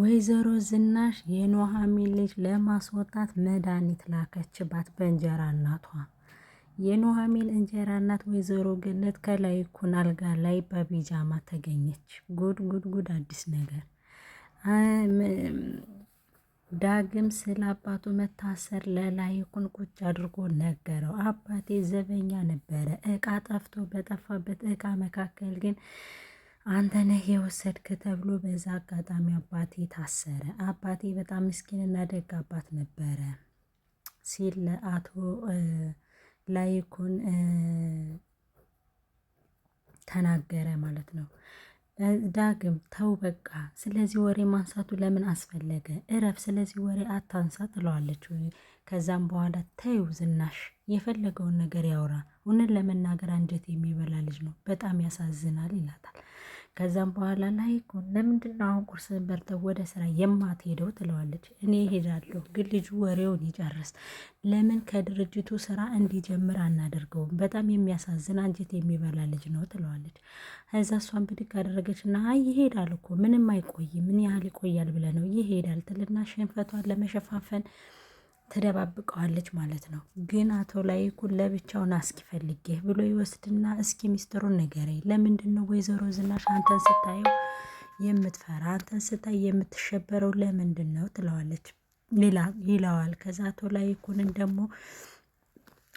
ወይዘሮ ዝናሽ የኑሐሚን ልጅ ለማስወጣት መድኃኒት ላከችባት በእንጀራ እናቷ። የኑሐሚን እንጀራ እናት ወይዘሮ ገነት ከላይ ኩን አልጋ ላይ በቢጃማ ተገኘች። ጉድ ጉድ ጉድ! አዲስ ነገር ዳግም ስለ አባቱ መታሰር ለላይኩን ቁጭ አድርጎ ነገረው። አባቴ ዘበኛ ነበረ። እቃ ጠፍቶ በጠፋበት እቃ መካከል ግን አንተ ነህ የወሰድክ ተብሎ በዛ አጋጣሚ አባቴ ታሰረ። አባቴ በጣም ምስኪንና ደግ አባት ነበረ ሲል ለአቶ ላይኩን ተናገረ ማለት ነው። ዳግም ተው በቃ፣ ስለዚህ ወሬ ማንሳቱ ለምን አስፈለገ? እረፍ፣ ስለዚህ ወሬ አታንሳ ትለዋለች። ከዛም በኋላ ተይው ዝናሽ የፈለገውን ነገር ያውራ፣ እውነት ለመናገር አንጀት የሚበላ ልጅ ነው፣ በጣም ያሳዝናል ይላታል። ከዛም በኋላ ላይ ለምንድን ነው አሁን ቁርስን በልተው ወደ ስራ የማትሄደው ትለዋለች። እኔ ሄዳለሁ፣ ግን ልጁ ወሬውን ይጨርስ። ለምን ከድርጅቱ ስራ እንዲጀምር አናደርገውም? በጣም የሚያሳዝን አንጀት የሚበላ ልጅ ነው ትለዋለች። ከዛ እሷን ብድግ አደረገች እና አይ ይሄዳል እኮ ምንም አይቆይም፣ ምን ያህል ይቆያል ብለህ ነው ይሄዳል ትልና ሸንፈቷን ለመሸፋፈን ትደባብቀዋለች ማለት ነው። ግን አቶ ላይኩን ለብቻውን አስኪ ፈልጌህ ብሎ ይወስድና እስኪ ሚስጥሩን ንገረኝ፣ ለምንድን ነው ወይዘሮ ዝናሽ አንተን ስታየው የምትፈራ አንተን ስታይ የምትሸበረው ለምንድን ነው ትለዋለች ይለዋል። ከዛ አቶ ላይኩንን ደግሞ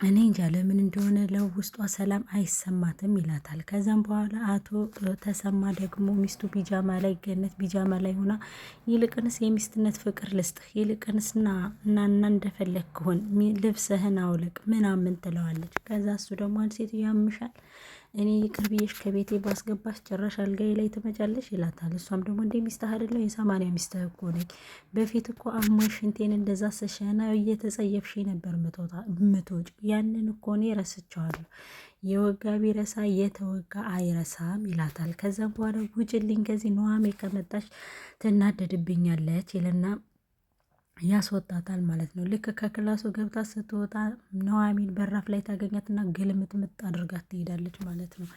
እኔ እንጃ ለምን እንደሆነ ለውስጧ ሰላም አይሰማትም ይላታል። ከዛም በኋላ አቶ ተሰማ ደግሞ ሚስቱ ቢጃማ ላይ ገነት ቢጃማ ላይ ሆና ይልቅንስ የሚስትነት ፍቅር ልስጥህ ይልቅንስና እናና እንደፈለግ ልብስህን አውልቅ ምናምን ትለዋለች። ከዛ እሱ ደግሞ አንድ ሴትዮ ያምሻል እኔ ይቅር ብዬሽ ከቤቴ ባስገባሽ ጭራሽ አልጋዬ ላይ ትመጫለሽ ይላታል። እሷም ደግሞ እንደ ሚስትህ አይደለሁ የሰማንያ ሚስትህ እኮ ነኝ። በፊት እኮ አሞሽ ሽንቴን እንደዛ ስሸና እየተጸየፍሽ ነበር ምትወጭ። ያንን እኮ እኔ ረስቸዋለሁ። የወጋ ቢረሳ የተወጋ አይረሳም ይላታል። ከዛም በኋላ ውጭልኝ ከዚህ ነዋሜ ከመጣሽ ትናደድብኛለች ይልና ያስወጣታል ማለት ነው። ልክ ከክላሱ ገብታ ስትወጣ ኑሐሚን በራፍ ላይ ታገኛትና ግልምጥምጥ አድርጋት ትሄዳለች ማለት ነው።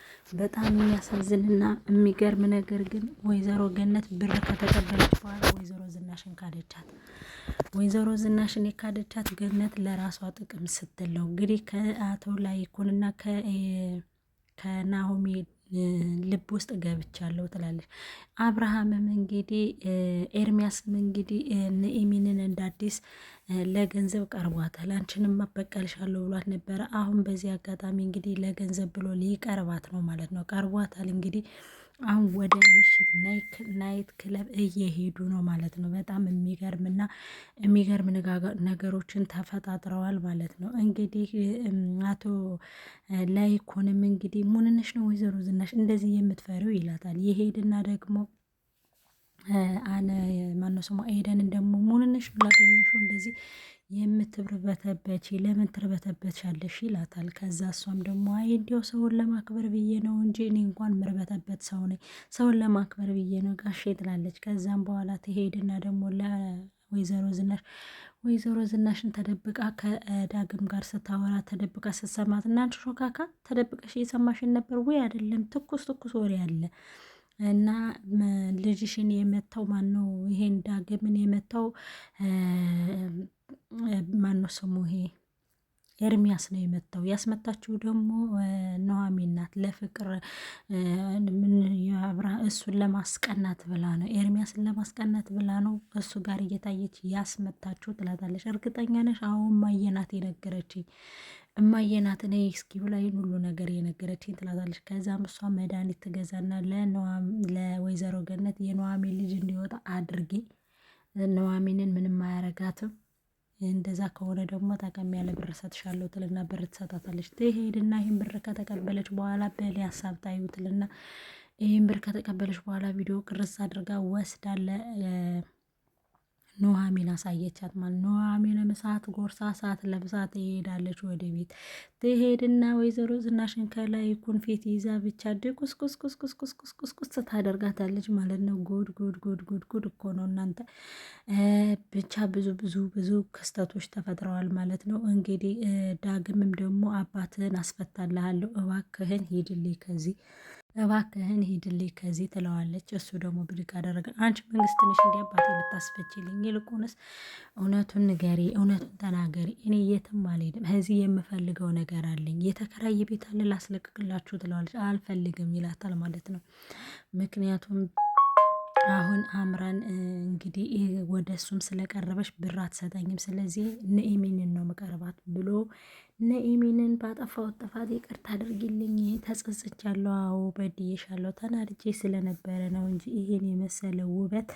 በጣም የሚያሳዝንና የሚገርም ነገር ግን ወይዘሮ ገነት ብር ከተቀበለች በኋላ ወይዘሮ ዝናሽን ካደቻት። ወይዘሮ ዝናሽን የካደቻት ገነት ለራሷ ጥቅም ስትል ነው። እንግዲህ ከአቶ ላይኩንና ከናሆሜ ልብ ውስጥ ገብቻለሁ ትላለች። አብርሃምም እንግዲህ ኤርሚያስም እንግዲህ ኑኤሚንን እንደ አዲስ ለገንዘብ ቀርቧታል። አንቺንም መበቀልሻለሁ ብሏት ነበረ። አሁን በዚህ አጋጣሚ እንግዲህ ለገንዘብ ብሎ ሊቀርባት ነው ማለት ነው። ቀርቧታል እንግዲህ አሁን ወደ ምሽት ናይት ክለብ እየሄዱ ነው ማለት ነው። በጣም የሚገርምና የሚገርም ነገሮችን ተፈጣጥረዋል ማለት ነው። እንግዲህ አቶ ላይኮንም እንግዲህ ሙንነሽ ነው ወይዘሮ ዝናሽ እንደዚህ የምትፈሪው ይላታል። ይሄድና ደግሞ አነ ማነው ስሟ ኤደንን ደግሞ ሙንነሽ ላገኘሽው እንደዚህ የምትርበተበች ለምን ትርበተበቻለሽ? ይላታል። ከዛ እሷም ደግሞ አይ እንዲያው ሰውን ለማክበር ብዬ ነው እንጂ እኔ እንኳን ምርበተበት ሰው ነኝ፣ ሰውን ለማክበር ብዬ ነው ጋሼ ትላለች። ከዛም በኋላ ትሄድና ደግሞ ለወይዘሮ ዝናሽ ወይዘሮ ዝናሽን ተደብቃ ከዳግም ጋር ስታወራ ተደብቃ ስትሰማት እናንቺ ሾካካ ተደብቀሽ እየሰማሽን ነበር ወይ? አይደለም ትኩስ ትኩስ ወሬ አለ እና ልጅሽን የመታው ማነው? ይሄን ዳግምን የመታው ማነው ስሙ? ይሄ ኤርሚያስ ነው የመታው። ያስመታችው ደግሞ ኑሃሚን ናት። ለፍቅር እሱን ለማስቀናት ብላ ነው፣ ኤርሚያስን ለማስቀናት ብላ ነው እሱ ጋር እየታየች ያስመታችው ትላታለች። እርግጠኛ ነሽ? አሁን ማየናት የነገረችኝ እማየናት እኔ እስኪ ብላይ ሁሉ ነገር የነገረችኝ ትላታለች። ከዛም እሷ መድኃኒት ትገዛና ለወይዘሮ ገነት የኑሐሚን ልጅ እንዲወጣ አድርጊ፣ ነዋሚንን ምንም አያረጋትም፣ እንደዛ ከሆነ ደግሞ ጠቀም ያለ ብር እሰጥሻለሁ ትልና ብር ትሰጣታለች። ትሄድና ይህን ብር ከተቀበለች በኋላ በል ሀሳብ ታዩ ትልና ይህን ብር ከተቀበለች በኋላ ቪዲዮ ቅርስ አድርጋ ወስዳለ ኑሐሚን አሳየቻት ማለት ኑሐሚንም እሳት ጎርሳ እሳት ለብሳ ትሄዳለች ወደ ቤት ትሄድና ወይዘሮ ዝናሽን ከላይ ኩንፌት ይዛ ብቻ ድቁስቁስቁስቁስቁስቁስቁስ ታደርጋታለች ማለት ነው። ጉድ ጉድ ጉድ ጉድ ጉድ እኮ ነው እናንተ። ብቻ ብዙ ብዙ ብዙ ክስተቶች ተፈጥረዋል ማለት ነው። እንግዲህ ዳግምም ደግሞ አባትህን አስፈታልሃለሁ እባክህን ሂድልኝ ከዚህ እባክህን ሂድልኝ ከዚህ ትለዋለች። እሱ ደግሞ ብድግ አደረገ። አንቺ መንግስት ትንሽ እንዲያባት የምታስፈችልኝ ይልቁንስ እውነቱን ንገሪ፣ እውነቱን ተናገሪ። እኔ የትም አልሄድም፣ እዚህ የምፈልገው ነገር አለኝ። የተከራይ ቤት አለ ላስለቅቅላችሁ ትለዋለች። አልፈልግም ይላታል ማለት ነው። ምክንያቱም አሁን አምራን እንግዲህ ወደ እሱም ስለቀረበች ብር አትሰጠኝም፣ ስለዚህ ኑኤሚንን ነው መቀረባት ብሎ ነኢሚንን ባጠፋሁት ጥፋት ይቅርታ አድርጊልኝ፣ ተጸጽቻለሁ። አዎ በድዬሻለሁ፣ ተናድጄ ስለነበረ ነው እንጂ ይሄን የመሰለ ውበት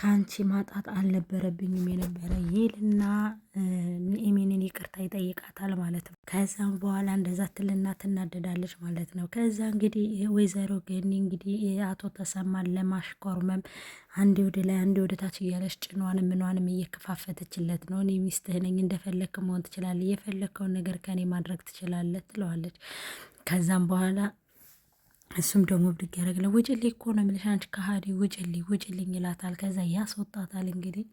ከአንቺ ማጣት አልነበረብኝም የነበረ ይልና ይጠይቃታል ማለት ነው። ከዛም በኋላ እንደዛ ትልና ትናደዳለች ማለት ነው። ከዛ እንግዲህ ወይዘሮ ገኒ እንግዲህ አቶ ተሰማን ለማሽኮርመም አንድ ወደ ላይ አንድ ወደ ታች እያለች ጭኗን ምኗንም እየከፋፈተችለት ነው። እኔ ሚስትህ ነኝ መሆን ትችላለህ፣ የፈለግከውን ነገር ከኔ ማድረግ ትችላለህ ትለዋለች። ከዛም በኋላ እሱም ደግሞ ብድግ ያደረግለ ውጭሌ እኮ ነው የሚልሽ አንቺ ከሀዲ ውጭሌ ውጭልኝ ይላታል። ከዛ ያስወጣታል። እንግዲህ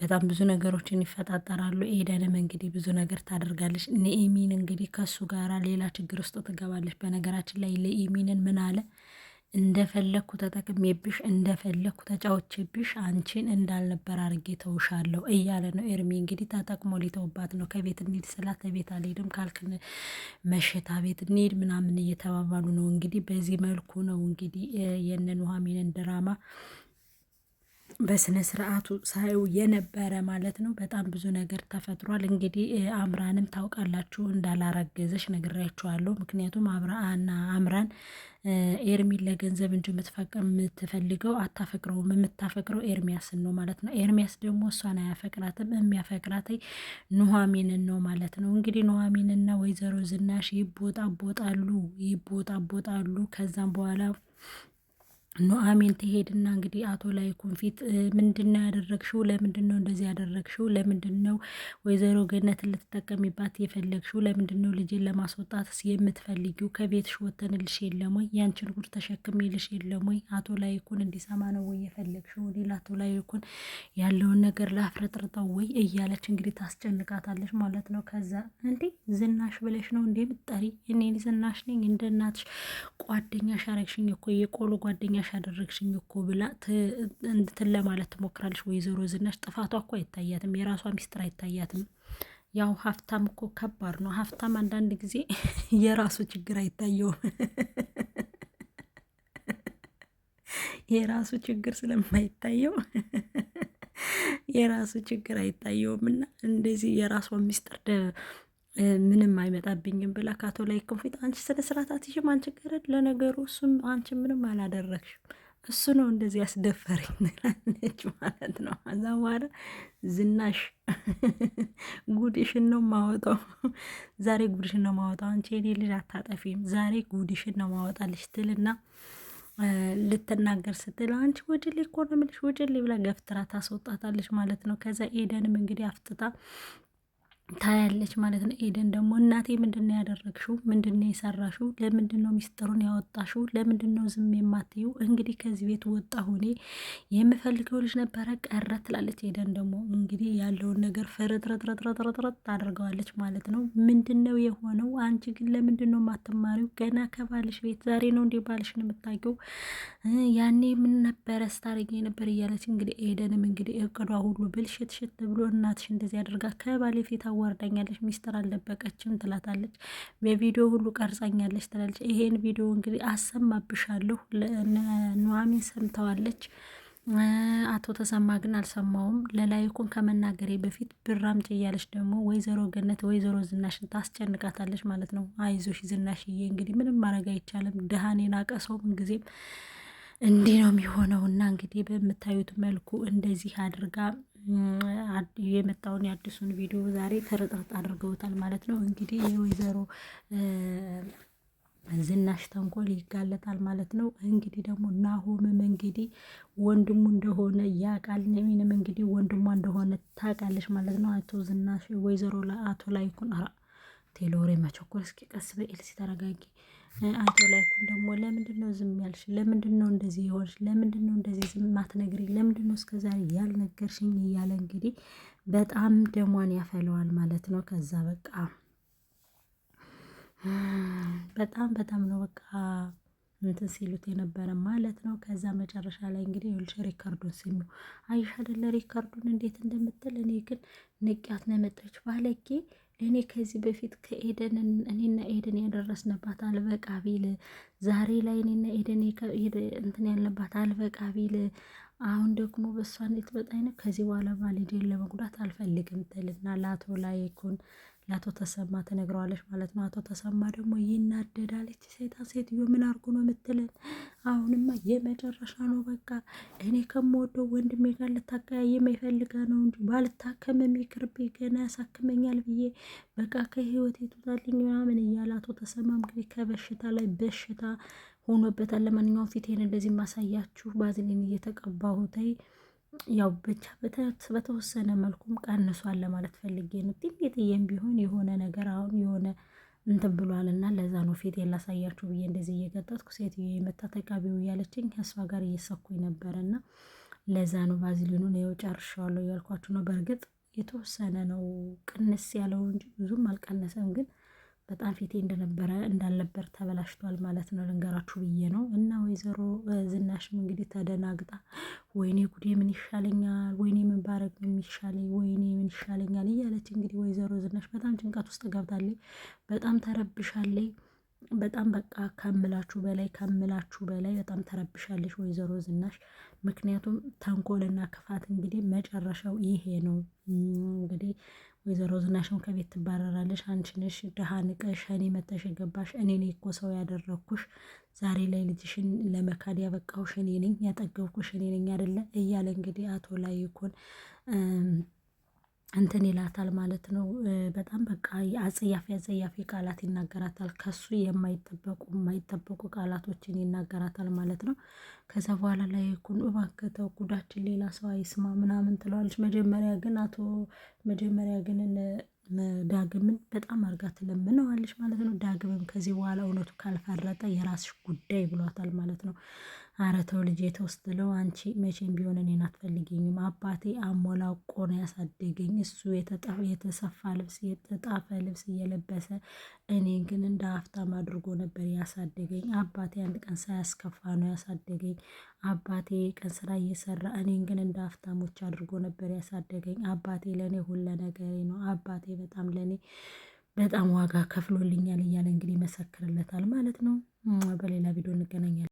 በጣም ብዙ ነገሮችን ይፈጣጠራሉ። ኤደንም እንግዲህ ብዙ ነገር ታደርጋለች። ኑኤሚን እንግዲህ ከእሱ ጋራ ሌላ ችግር ውስጥ ትገባለች። በነገራችን ላይ ኑኤሚንን ምን አለ እንደፈለግኩ ተጠቅሜብሽ እንደፈለግኩ ተጫዎቼብሽ አንቺን እንዳልነበር አድርጌ ተውሻለሁ እያለ ነው ኤርሚ። እንግዲህ ተጠቅሞ ሊተውባት ነው። ከቤት እንሂድ ስላት ከቤት አልሄድም ካልክ መሸታ ቤት እንሂድ ምናምን እየተባባሉ ነው። እንግዲህ በዚህ መልኩ ነው እንግዲህ የነ ኑሐሚንን ድራማ በስነ ስርዓቱ ሳዩ የነበረ ማለት ነው። በጣም ብዙ ነገር ተፈጥሯል። እንግዲህ አምራንም ታውቃላችሁ እንዳላረገዘች ነግሬያችኋለሁ። ምክንያቱም አምራና አምራን ኤርሚን ለገንዘብ እንጂ የምትፈልገው አታፈቅረውም። የምታፈቅረው ኤርሚያስን ነው ማለት ነው። ኤርሚያስ ደግሞ እሷን አያፈቅራትም። የሚያፈቅራት ኑሐሚንን ነው ማለት ነው። እንግዲህ ኑሐሚንና ወይዘሮ ዝናሽ ይቦጣቦጣሉ ይቦጣቦጣሉ ከዛም በኋላ ኑሐሚን ትሄድና እንግዲህ አቶ ላይኩን ፊት ምንድን ነው ያደረግሽው? ለምንድን ነው እንደዚህ ያደረግሽው? ለምንድን ነው ወይዘሮ ገነት ልትጠቀሚባት የፈለግሽው? ለምንድን ነው ልጅን ለማስወጣት የምትፈልጊው? ከቤትሽ ወተንልሽ የለም ወይ? ያንችን ጉድ ተሸክሜልሽ የለም ወይ? አቶ ላይኩን እንዲሰማ ነው ወይ የፈለግሽው? ሌላ አቶ ላይኩን ያለውን ነገር ላፍረጥርጠው ወይ እያለች እንግዲህ ታስጨንቃታለች ማለት ነው። ከዛ እንዴ ዝናሽ ብለሽ ነው እንዴ ምጠሪ? እኔ ዝናሽ ነኝ እንደናትሽ ጓደኛሽ አረግሽኝ እኮ የቆሎ ጓደኛሽ ያደረግሽኝ እኮ ብላ እንትን ለማለት ትሞክራለች። ወይዘሮ ዝናሽ ጥፋቷ እኮ አይታያትም፣ የራሷ ሚስጥር አይታያትም። ያው ሀብታም እኮ ከባድ ነው። ሀብታም አንዳንድ ጊዜ የራሱ ችግር አይታየውም። የራሱ ችግር ስለማይታየው የራሱ ችግር አይታየውም እና እንደዚህ የራሷ ሚስጥር ምንም አይመጣብኝም ብላ ከአቶ ካቶላይክ ፊት አንቺ ስነ ስርዓት አትይዥም፣ አንቺ ገረድ። ለነገሩ እሱም አንቺ ምንም አላደረግሽም፣ እሱ ነው እንደዚህ ያስደፈረኝ ትላለች ማለት ነው። ከዛ በኋላ ዝናሽ ጉድሽን ነው ማወጣው፣ ዛሬ ጉድሽን ነው ማወጣው፣ አንቺ የኔ ልጅ አታጠፊም፣ ዛሬ ጉድሽን ነው ማወጣልሽ ትልና ልትናገር ስትል አንቺ ወጀሌ እኮ ነው የምልሽ ወጀሌ ብላ ገፍትራ ታስወጣታለች ማለት ነው። ከዛ ኤደንም እንግዲህ አፍጥታ ታያለች ማለት ነው። ኤደን ደግሞ እናቴ ምንድን ነው ያደረግሽው? ምንድን ነው የሰራሽው? ለምንድን ነው ሚስጥሩን ያወጣሽው? ለምንድን ነው ዝም የማትዩ? እንግዲህ ከዚህ ቤት ወጣ ሆኔ የምፈልገው ልጅ ነበረ ቀረ ትላለች። ኤደን ደግሞ እንግዲህ ያለውን ነገር ፍርጥረጥረጥረጥረጥረጥ ታደርገዋለች ማለት ነው። ምንድን ነው የሆነው? አንቺ ግን ለምንድን ነው የማትማሪው? ገና ከባልሽ ቤት ዛሬ ነው እንዲህ ባልሽን የምታውቂው? ያኔ ምን ነበረ ስታረጊ ነበር? እያለች እንግዲህ ኤደንም እንግዲህ እቅዷ ሁሉ ብልሽት ሽት ብሎ እናትሽ እንደዚህ አድርጋ ከባሌ ፊት አዋርዳኛለች፣ ሚስጥር አልደበቀችም ትላታለች። በቪዲዮ ሁሉ ቀርጻኛለች ትላለች። ይሄን ቪዲዮ እንግዲህ አሰማብሻለሁ። ኑሐሚን ሰምተዋለች። አቶ ተሰማ ግን አልሰማውም። ለላይኩን ከመናገሬ በፊት ብር እያለች ደግሞ ወይዘሮ ገነት ወይዘሮ ዝናሽን ታስጨንቃታለች ማለት ነው። አይዞሽ ዝናሽዬ፣ እንግዲህ ምንም ማድረግ አይቻልም። ድሃን የናቀ ሰው ምንጊዜም እንዲህ ነው የሚሆነውና እንግዲህ በምታዩት መልኩ እንደዚህ አድርጋ የመጣውን የአዲሱን ቪዲዮ ዛሬ ተረጥርጥ አድርገውታል ማለት ነው። እንግዲህ የወይዘሮ ዝናሽ ተንኮል ይጋለጣል ማለት ነው። እንግዲህ ደግሞ ናሆምም እንግዲህ ወንድሙ እንደሆነ ያውቃል። ነሚንም እንግዲህ ወንድሟ እንደሆነ ታውቃለች ማለት ነው። አቶ ዝናሽ ወይዘሮ አቶ ላይኩን ቴሎሬ መቸኮል። እስኪ ቀስ በኤልሲ አቶ ላይኩን ደግሞ ለምንድን ነው ዝም ያልሽ? ለምንድን ነው እንደዚህ የሆንሽ? ለምንድን ነው እንደዚህ ዝም ማትነግሪኝ? ለምንድን ነው እስከዛሬ ያልነገርሽኝ? እያለ እንግዲህ በጣም ደሟን ያፈለዋል ማለት ነው። ከዛ በቃ በጣም በጣም ነው በቃ እንትን ሲሉት የነበረ ማለት ነው። ከዛ መጨረሻ ላይ እንግዲህ ይኸውልሽ ሪካርዱን ስሚ አይሻ አይደለ ሪካርዱን እንዴት እንደምትል እኔ ግን ንቅያት ነው የመጣች ባለጌ እኔ ከዚህ በፊት ከኤደን እኔና ኤደን ያደረስንባት አልበቃ ቢል ዛሬ ላይ እኔና ኤደን እንትን ያልንባት አልበቃ ቢል አሁን ደግሞ በእሷ እንዴት በጣይ ነው። ከዚህ በኋላ ባልሄድን ለመጉዳት አልፈልግም ትልና ለአቶ ላይኩን ለአቶ ተሰማ ትነግረዋለች ማለት ነው። አቶ ተሰማ ደግሞ ይናደዳለች። ሴጣን ሴትዮ ምን አርጎ ነው የምትለን? አሁንማ የመጨረሻ ነው። በቃ እኔ ከምወደው ወንድሜ ጋር ልታቀያየም የፈልጋ ነው እንጂ ባልታከም የሚቅርብኝ ገና ያሳክመኛል ብዬ በቃ ከህይወት የቱታልኝ ምናምን እያለ አቶ ተሰማ እንግዲህ ከበሽታ ላይ በሽታ ሆኖበታል። ለማንኛውም ፊቴን እንደዚህ ማሳያችሁ ባዝሊን እየተቀባሁተይ ያው ብቻ በተወሰነ መልኩም ቀንሷል ለማለት ፈልጌ ነው። ጥቂትዬም ቢሆን የሆነ ነገር አሁን የሆነ እንትን ብሏል እና ለዛ ነው ፊቴን ላሳያችሁ ብዬ እንደዚህ እየገጠጥኩ ሴትዮ የመታ ተቃቢው እያለችኝ ከእሷ ጋር እየሰኩኝ ነበረ እና ለዛ ነው ቫዝሊኑን ያው ጨርሻዋለሁ እያልኳችሁ ነው። በእርግጥ የተወሰነ ነው ቅንስ ያለው እንጂ ብዙም አልቀነሰም ግን በጣም ፊቴ እንደነበረ እንዳልነበር ተበላሽቷል ማለት ነው ልንገራችሁ ብዬ ነው። እና ወይዘሮ ዝናሽም እንግዲህ ተደናግጣ ወይኔ ጉዴ ምን ይሻለኛል፣ ወይኔ ምን ባረግ ነው የሚሻለኝ፣ ወይኔ ምን ይሻለኛል እያለች እንግዲህ ወይዘሮ ዝናሽ በጣም ጭንቀት ውስጥ ገብታለች። በጣም ተረብሻለች። በጣም በቃ ከምላችሁ በላይ ከምላችሁ በላይ በጣም ተረብሻለች ወይዘሮ ዝናሽ። ምክንያቱም ተንኮልና ክፋት እንግዲህ መጨረሻው ይሄ ነው እንግዲህ ወይዘሮ ዝናሽም ከቤት ትባረራለሽ። አንቺ ነሽ ድሃ ንቀሽ እኔ መተሽ የገባሽ እኔ ነኝ እኮ ሰው ያደረግኩሽ፣ ዛሬ ላይ ልጅሽን ለመካድ ያበቃሁሽ እኔ ነኝ፣ ያጠገብኩሽ እኔ ነኝ አይደለ እያለ እንግዲህ አቶ ላይኩን እንትን ይላታል ማለት ነው። በጣም በቃ አጸያፊ አጸያፊ ቃላት ይናገራታል። ከሱ የማይጠበቁ የማይጠበቁ ቃላቶችን ይናገራታል ማለት ነው። ከዛ በኋላ ላይ ኩን እባክተው ጉዳችን ሌላ ሰው አይስማ ምናምን ትለዋለች። መጀመሪያ ግን አቶ መጀመሪያ ግን ዳግምን በጣም አርጋ ትለምነዋለች ማለት ነው። ዳግምም ከዚህ በኋላ እውነቱ ካልፈረጠ የራስሽ ጉዳይ ብሏታል ማለት ነው። አረተው ልጄ ተወስጥለው አንቺ መቼም ቢሆን እኔን አትፈልጊኝም። አባቴ አሞላቆ ነው ያሳደገኝ። እሱ የተሰፋ ልብስ የተጣፈ ልብስ እየለበሰ እኔ ግን እንደ ሀብታም አድርጎ ነበር ያሳደገኝ። አባቴ አንድ ቀን ሳያስከፋ ነው ያሳደገኝ። አባቴ ቀን ስራ እየሰራ እኔን ግን እንደ ሀብታሞች አድርጎ ነበር ያሳደገኝ። አባቴ ለእኔ ሁለ ነገሬ ነው። አባቴ በጣም ለእኔ በጣም ዋጋ ከፍሎልኛል እያለ እንግዲህ ይመሰክርለታል ማለት ነው። በሌላ ቪዲዮ እንገናኛለን።